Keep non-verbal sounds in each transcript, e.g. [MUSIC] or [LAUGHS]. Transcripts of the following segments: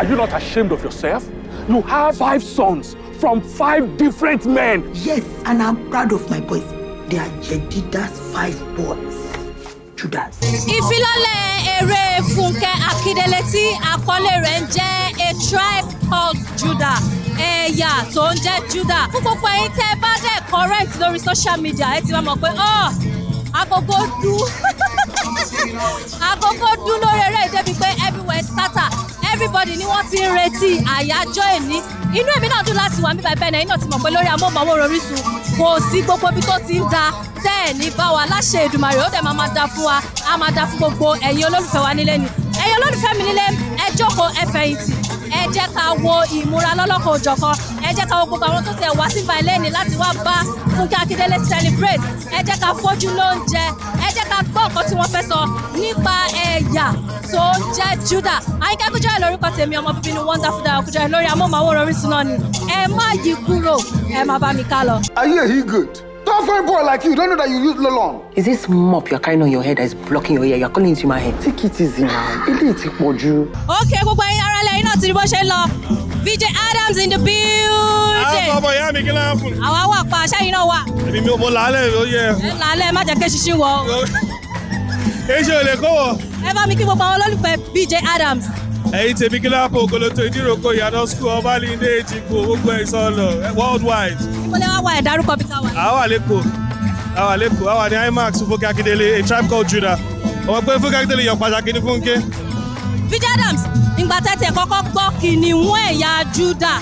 Are you not ashamed of yourself? You have five sons from five different men. Yes, and I'm proud of my boys. They are Jedida's five boys. Judas. Ìfilọ́lẹ̀ eré Fúnkẹ́ Akíndélé tí àkọlé rẹ̀ A Tribe Called Judah ẹ̀yà tó ń jẹ́ Judah. Fún gbogbo ẹ̀yin tẹ́ ẹ bá dẹ̀ correct lórí social media ẹ ti máa mọ̀ pé ọ́ oh, agogo dún [LAUGHS] agogo dún lórí eré ìdẹ́bi pé everywhere scatter everybody ni wọ́n ti ń retí àyájọ́ èní inú èmi náà dùn láti wà níbàbẹ́ náà iná ti mọ̀ pé lórí amóhùnmáwòrán Orísun kò sí gbogbo ibi tó ti ń da tẹ́ ẹ̀ ní bá wa láṣẹ Èdùmàrè ó dẹ̀ máa máa da fún wa á máa da fún gbogbo ẹ̀yin olólùfẹ́ wa nílé ni ẹ̀yin olólùfẹ́ mi nílé ẹ jókòó ẹ fẹ̀yìntì ẹ jẹ́ ká wo ìmúra lọ́lọ́kan òjọ̀kan ẹ jẹ́ ká wo gbogbo àwọn tó tẹ̀ wá sí ìbàlẹ̀ ní láti wá bá Fúnkẹ́ Akíndélé celebrate ẹ jẹ́ ká fojú lóúnjẹ ẹ jẹ́ ká gbọ́ nǹkan tí wọ́n fẹ́ sọ nípa ẹ̀yà tó ń jẹ́ Júdà Àyìnkẹ́ Kújọ́rẹ́ lórúkọ tèmi ọmọ bíbí ni wonderful Dara Kújọ́rẹ́ lórí amóhùnmáwòrán Orísun náà ni ẹ má yí kúrò ẹ má bá mi ká lọ. ayé yìí good. Suffering boy like you, don't know that you use Lolon. Is this mop you're carrying on your head that is blocking your ear? You're calling into my head. Take it easy now. Ilé ti pọ̀ Okay, go ẹ̀yin ará you know ti rí bó ṣe ń lọ. VJ Adams in the building. Ah, àwọn ọmọ ìyá mi kí ló ń fún. Àwa wà pa, ṣáyìn náà wà. Èmi mi ò mọ làálẹ̀ ló yẹ. Ẹ làálẹ̀ má jẹ́ kí ṣíṣí wọ. Èyí ṣe ò lè kó wọ. Ẹ bá mi kí gbogbo àwọn olólùfẹ́ VJ Adams ẹ̀yin tèmi gíláàpù ògoloto ìdíròkọ ìyànà school ọbalinde èjìgbò gbogbo ẹ̀ sọ̀lọ̀ worldwide. ìpínlẹ̀ wa wà ẹ̀dá orúkọ bíi táwa. àwa lẹ́kọ̀ọ́ àwa lẹ́kọ̀ọ́ àwa ní imax fúnkẹ́ akíndélé a tribe called Judah ọmọ pé fúnkẹ́ akíndélé yàn pàtàkì ní fúnkẹ́. Vijay Adams ìgbà tẹ́tẹ̀ kọ́kọ́ gbọ́ kìnìún ẹ̀yà Judah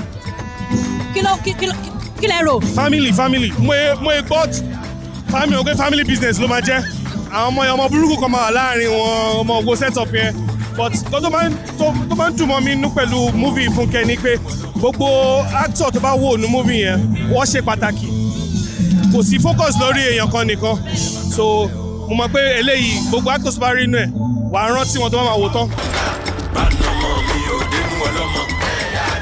kí lẹ rò. family family mo ye mo ye gbọ́ family o pé family business ló máa jẹ́ àwọn ọmọ ọmọ burúkú kan ma wà láàrin wọn ọmọ ògbó set up yẹn but kan tó máa ń dùn mọ́ mi nú pẹ̀lú múvì Fúnkẹ́ ni pé gbogbo actor tó bá wò ní múvì yẹn wọ́n ṣe pàtàkì kò sí focus lórí èèyàn kan nìkan so mo mọ̀ pé eléyìí gbogbo actors tó bá rí inú ẹ̀ wàá rántí wọn tó bá máa wò tán.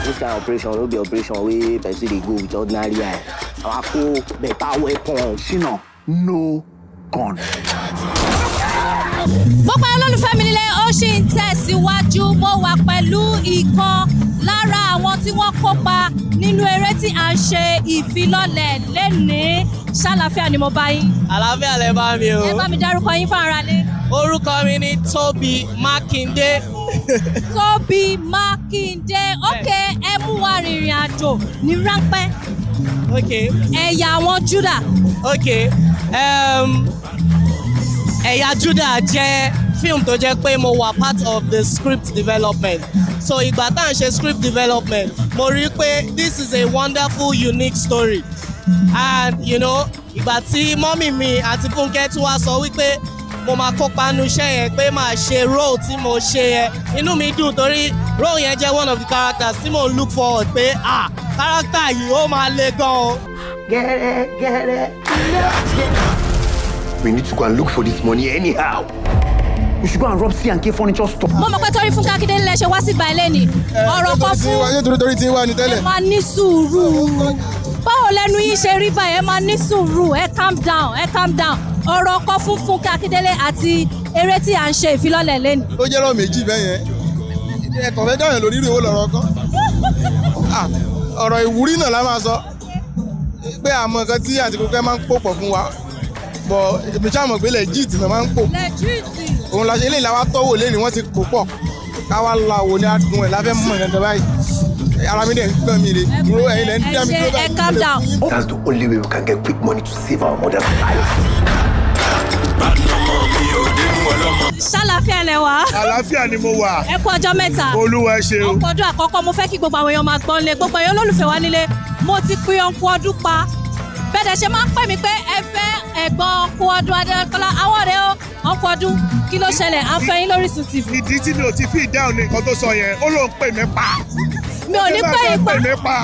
this kind of operation no be operation wey person dey go with ordinary eye our co better weapon shina no gun gbogbo olólùfẹ́ mi nílé ó ṣì ń tẹ̀síwájú mo wà pẹ̀lú ìkan lára àwọn tí wọ́n kópa nínú eré tí a ń ṣe ìfilọ́lẹ̀ lénìí ṣàlàfíà ni mo bá yín. àlàáfíà lè bá mi o. ẹ bá mi dárúkọ yín fún ara lé. orúkọ mi ni Tóbi Mákindé. [LAUGHS] Tóbi Mákindé ok ẹ mú wa rìnrìn àjò ní ráńpẹ́. ok. ẹ̀yà àwọn Júdà. ok. Um, ẹ̀yà Judah jẹ́ fíìmù tó jẹ́ pé mo wà part of the script development so ìgbà tá à ń ṣe script development mo rí pé this is a wonderful unique story and you know ìgbà tí mọ́mì mi àti Fúnkẹ́ tí wàá sọ wípé mo máa kópa nu iṣẹ́ yẹn pé máa ṣe role tí mo ṣe yẹn inú mi dùn torí role yẹn jẹ́ one of the characters tí mo look forward pé ah character yìí ó máa le gan o. gẹ́rẹ́gẹ́rẹ́ ló ṣe. We need to go and look for this money anyhow. We should go and rob C and K furniture store. Mo mọ̀ pé torí fún Kákindé ńlẹ̀ ṣe wá sí ìgbà ilé ni. Ọ̀rọ̀ kan fún. Ṣé torí torí ti wá ni tẹ́lẹ̀? Ẹ máa ní sùúrù. Báwo lẹnu yín ṣe rí báyìí? Ẹ máa ní sùúrù. Ẹ calm down. Ẹ calm down. Ọ̀rọ̀ kan fún Fúnkẹ́ Akíndélé àti eré tí à ń ṣe ìfilọ́lẹ̀ lẹ́nu. Ó jẹ́ ọ̀rọ̀ méjì bẹ́yẹn. Ẹ̀kọ́ fẹ́ dáhùn lórí ìrìn owó lọ́rọ̀ kan. Ọ̀rọ̀ ìwúrí náà la máa bọ̀ èmi ṣáà mọ̀ pé legit náà máa ń pò òun la ṣe eléyìí la wá tọ́wọ́ lẹ́nu wọ́n ti pò pọ̀ ká wá la wo ní adùn ẹ̀ láfẹ́ mọ̀ ẹ̀ báyìí ara mi dẹ̀ ń gbọ́n mi rè dúró ẹ̀yin lẹ̀ ń dá mi dúró báyìí. That's the only way we can get quick money to save our mother's life. Ṣàlàfíà lẹ wá. Àlàáfíà ni mo wà. Ẹ kú ọjọ́ mẹ́ta. Olúwa ẹ ṣe o. Ọkọ̀ ọdún àkọ́kọ́ mo fẹ́ kí gbogbo àwọn èèyàn máa gbọ́n lé gbogbo èèyàn olólùfẹ́ wa nílé mo ti pe ọkọ̀ ọdún pa bẹ́ẹ̀ dẹ̀ ṣe máa ń pè mí pé ẹ fẹ́ ẹ̀gbọ́n ọkọ ọdún Adékọ́lá àwọn ọ̀rẹ́ o ọkọ ọdún kí ló ṣẹlẹ̀ afẹ́yín lóríṣun TV. ìdí tí mi ò ti fi ìdáhùn ní nǹkan tó sọ yẹn ó lóun pè mí pa. mi ò ní pè é pa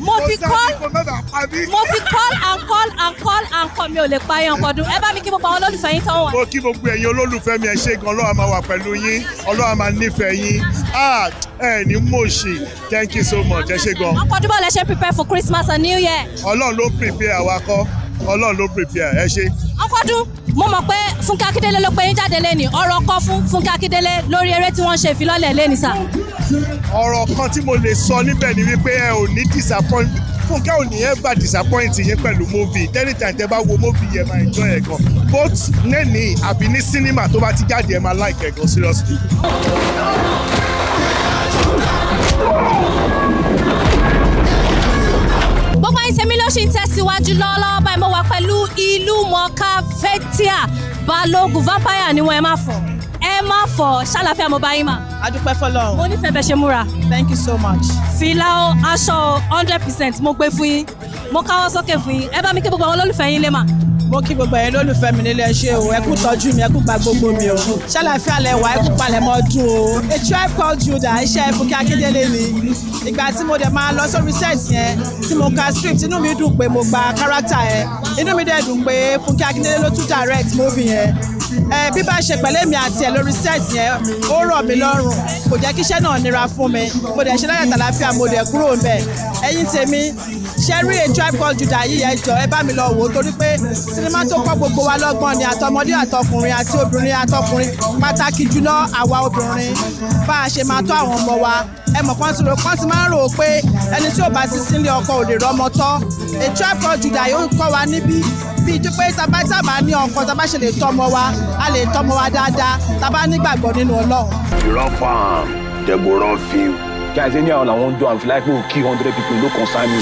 mo ti call mo ti call and call and call and call mi ò lè pa ẹyàn kan dùn ẹ bá mi kí gbogbo àwọn olólùfẹ́ yín tán wà. mo kí gbogbo ẹ̀yin olólùfẹ́ mi ẹ ṣé gan ọlọ́run máa wà pẹ̀lú yín ọlọ́run máa nífẹ̀ẹ́ yín ah, ẹ ní mòṣì thank you so much ẹ ṣé gan. ọkọ̀ dúbọ̀ lẹ ṣe prepare for Christmas and New Year. ọlọ́run ló prepare àwa kọ́ ọlọ́run ló prepare ẹ ṣé. ọkọ̀dún mo mọ̀ pé Fúnkẹ́ Akíndélé ló pe yín jáde lẹ́nìí ọ̀rọ̀ ọkọ̀ fún Fúnkẹ́ Akíndélé lórí eré tí wọ́n ṣe ìfilọ́lẹ̀ lẹ́nìí sà ọ̀rọ̀ kan tí mo lè sọ níbẹ̀ ni wípé ẹ ò ní disappoint fúnkẹ́ ò ní ever disappoint yín pẹ̀lú movie anytime tẹ bá wo movie yẹn máa enjoy ẹ̀ gan both nẹ́ẹ̀ni àbí ní cinema tó bá ti jáde ẹ̀ máa like ẹ̀ gan seriously. gbogbo ẹ̀yin ló ṣì ń tẹ̀síwájú lọ́wọ́lọ́wọ́ báyìí mo wà pẹ̀lú ìlú mọ̀ọ́ká Fathia Balógun vampire ni wọ́n ẹ má fọ̀ ẹ má fọ̀ ṣàlàfíà mo bá yín mà adúpẹ́ fọlọ́run. mo nífẹ̀ẹ́ bẹ ṣe múra. thank you so much. fìlà o aṣọ hundred percent mo gbé fún yín mo káwọ́ sókè fún yín ẹ bá mi kí gbogbo àwọn olólùfẹ́ yín lè mà. mo kí gbogbo ẹ̀yin olólùfẹ́ mi nílé ṣe o ẹ kú tọ́jú mi ẹ kú gba gbogbo mi o ṣàlàfíà lẹ wà ẹ kú palẹ̀ mọ́ dùn o a tribe called Judah iṣẹ́ Fúnkẹ́ Akíndélé ni ìgbà tí mo dẹ̀ máa lọ sórí set yẹn tí mo ka script inú mi dùn pé mo gba character yẹn inú mi dẹ̀ dùn pé Fúnkẹ́ Akíndélé ló tún direct movie yẹn bí bá ṣe pẹ̀lẹ́ mi àti ẹ̀ lórí set yẹn ó rọ̀ mí lọ́rùn kò jẹ́ kí iṣẹ́ náà nira fún mi mo dẹ̀ ṣe láyàtàláfíà mo dẹ̀ kúrò ń bẹ̀ ẹ̀yìn tèmi ṣẹ́rí a tribe called Judah yìí ẹ jọ̀ọ́ ẹ bá mi lọ wò ó torí pé sinimá tó kọ́ gbogbo wa lọ́gbọ́n ni àtọmọdé àtọkùnrin àti obìnrin àtọkùnrin pàtàkì jùlọ àwa obìnrin bá a ṣe máa tọ́ àwọn ọmọ wa ẹ mọ̀ kan ti rò kan ti máa ń rò pé ẹni tí ò bá ti sí ilé ọkọ ò lè rọmọ tọ́ a tribe called Judah yóò kọ́ wa níbí bíi tó pé tá bá tá bá ní ọkọ tá bá ṣe lè tọ́mọ wa a lè tọ́mọ wa dáadáa tá bá nígbàgbọ́ nínú Ọlọ́run. ìrọ́pàá dẹ̀gbọ́rọ́ fi guys anyhow na one do am if you like make we kill hundred people no concern me.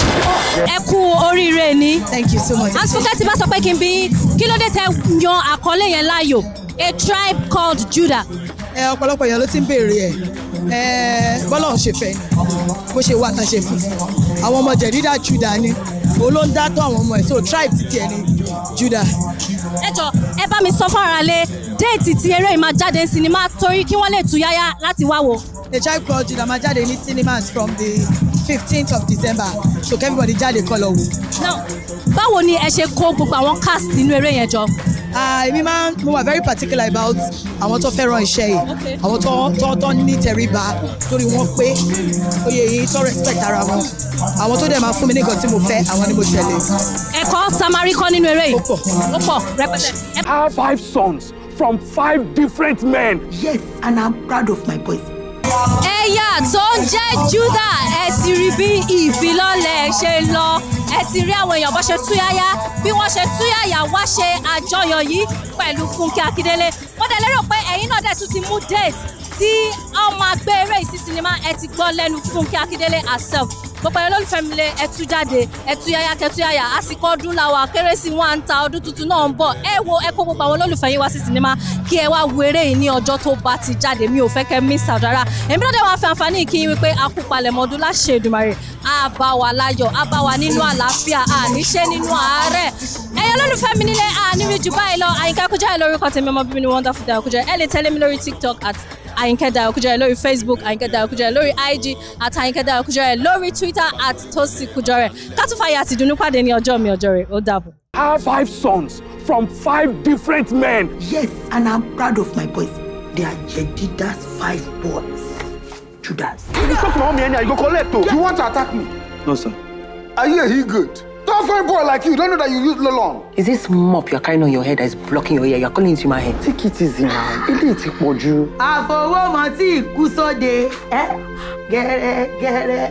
ẹ kú oríire ni. thank you so much. asuka ti bá sọ pé kí n bí kí ló dé tẹ yan àkọlé yẹn láàyò a tribe called Judah. ẹ ọ̀pọ̀lọpọ̀ èèyàn ló ti ń béèrè ẹ̀ bọ́lá ò ṣe fẹ́ ni bó ṣe wà tá ṣe fún un àwọn ọmọ jẹ̀dídà Judah ni òun tó àwọn ọmọ ẹ̀ so tribe ti tiẹ̀ ni Juda. ẹ jọ ẹ bá mi sọ fún ara lé déètì tí eré yìí máa jáde ní sinimá torí kí wọ́n lè tú yáyá láti wá wò. the child called Juda. máa jáde ní cinemas from the fifteenth of December so everybody jáde kó lọ wò. now báwo ni ẹ ṣe kó gbogbo àwọn cast inú eré yẹn jọ. èmi máa ń mo wà very particular about àwọn tó fẹ́ràn iṣẹ́ yìí àwọn tó tó tó ní tẹríba lórí wọn pé oyè yìí tó respect ara wọn àwọn tó dẹ̀ máa fún mi ní nǹkan tí mo fẹ́ àwọn ni mo tẹ̀lé. ẹ̀kọ́ tamari kọ́ nínú eré yìí ó pọ̀ rẹpẹtẹ. I have five sons from five different men. Yes, and I'm proud of my boys. ẹ̀yà tó jẹ́ Judah ti rí bí ìfilọ́lẹ̀ ṣe lọ ẹ ti rí àwọn èèyàn bó ṣe túyáyá bí wọ́n ṣe túyáyá wá ṣe àjọyọ̀ yìí pẹ̀lú Fúnkẹ́ Akíndélé mo dẹ̀ lérò pé ẹ̀yin náà dẹ̀ tún ti mú date tí ọmọ agbé eré ìsí sinimá ẹ ti gbọ́ lẹ́nu Fúnkẹ́ Akíndélé herself gbogbo ẹ lólùfẹ́ mi lé ẹtú jáde ẹtú yáyá kẹtú yáyá àsìkò ọdún làwà kérésì wọn à ń ta ọdún tuntun náà ń bọ̀ ẹ wo ẹ kó gbogbo àwọn olólùfẹ́ yín wá sí sinimá kí ẹ wá wo eré yìí ní ọjọ́ tó bá ti jáde mi ò fẹ́ kẹ́ mí sàdára èmi náà dé wá fẹ́ àǹfààní kí n wípé akúpalẹ̀mọ́dún láṣẹ Èdùmàrè á bá wa láyọ̀ á bá wa nínú àlàáfíà àníṣe nínú àárẹ̀ ẹ̀yin olólùfẹ́ mi nílé àníbi ah, jù báyìí lọ Àyìnkẹ́ Kújàyè lórúkọ tèmi ọmọ bíbí ni wonderful Dayo Kújàyè ẹ lè tẹ̀lé mi lórí TikTok at Àyìnkẹ́ Dayo Kújàyè lórí Facebook Àyìnkẹ́ Dayo Kújàyè lórí IG at Àyìnkẹ́ Dayo Kújàyè lórí Twitter at Tosi Kujore kátúfàyà àti ìdùnnú pàdé ní ọjọ́ mi ọjọ́ rẹ̀ ó dàbọ̀. I have five sons from five different men. Yes, and I'm proud of my boys. They are Jedida's five boys. Judas. If you talk to my mommy anyhow, you go collect o. Oh. You want to attack me? No, sir. Are you a he good? Houseboy boy like you don't know that you use Lolon. Is this mop you're carrying on your head that is blocking your ear? You're calling into my head. Take it easy man. a now. Ilé ti pọ̀ jù. kusode eh, get it, get it.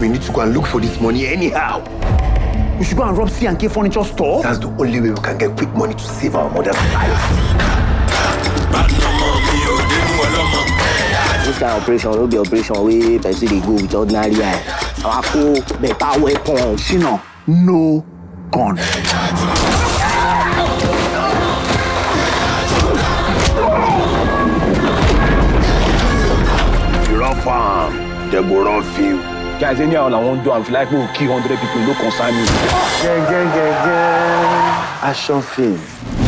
We need to go and look for this money anyhow. We should go and rob C and K furniture store. That's the only way we can get quick money to save our mother's life. This kind of operation will be operation way better dey go with ordinary eye. Rako, beta weapon. Shino, no gun. You run farm, I want to do, I feel like we will kill 100 people, no concern me. Action film.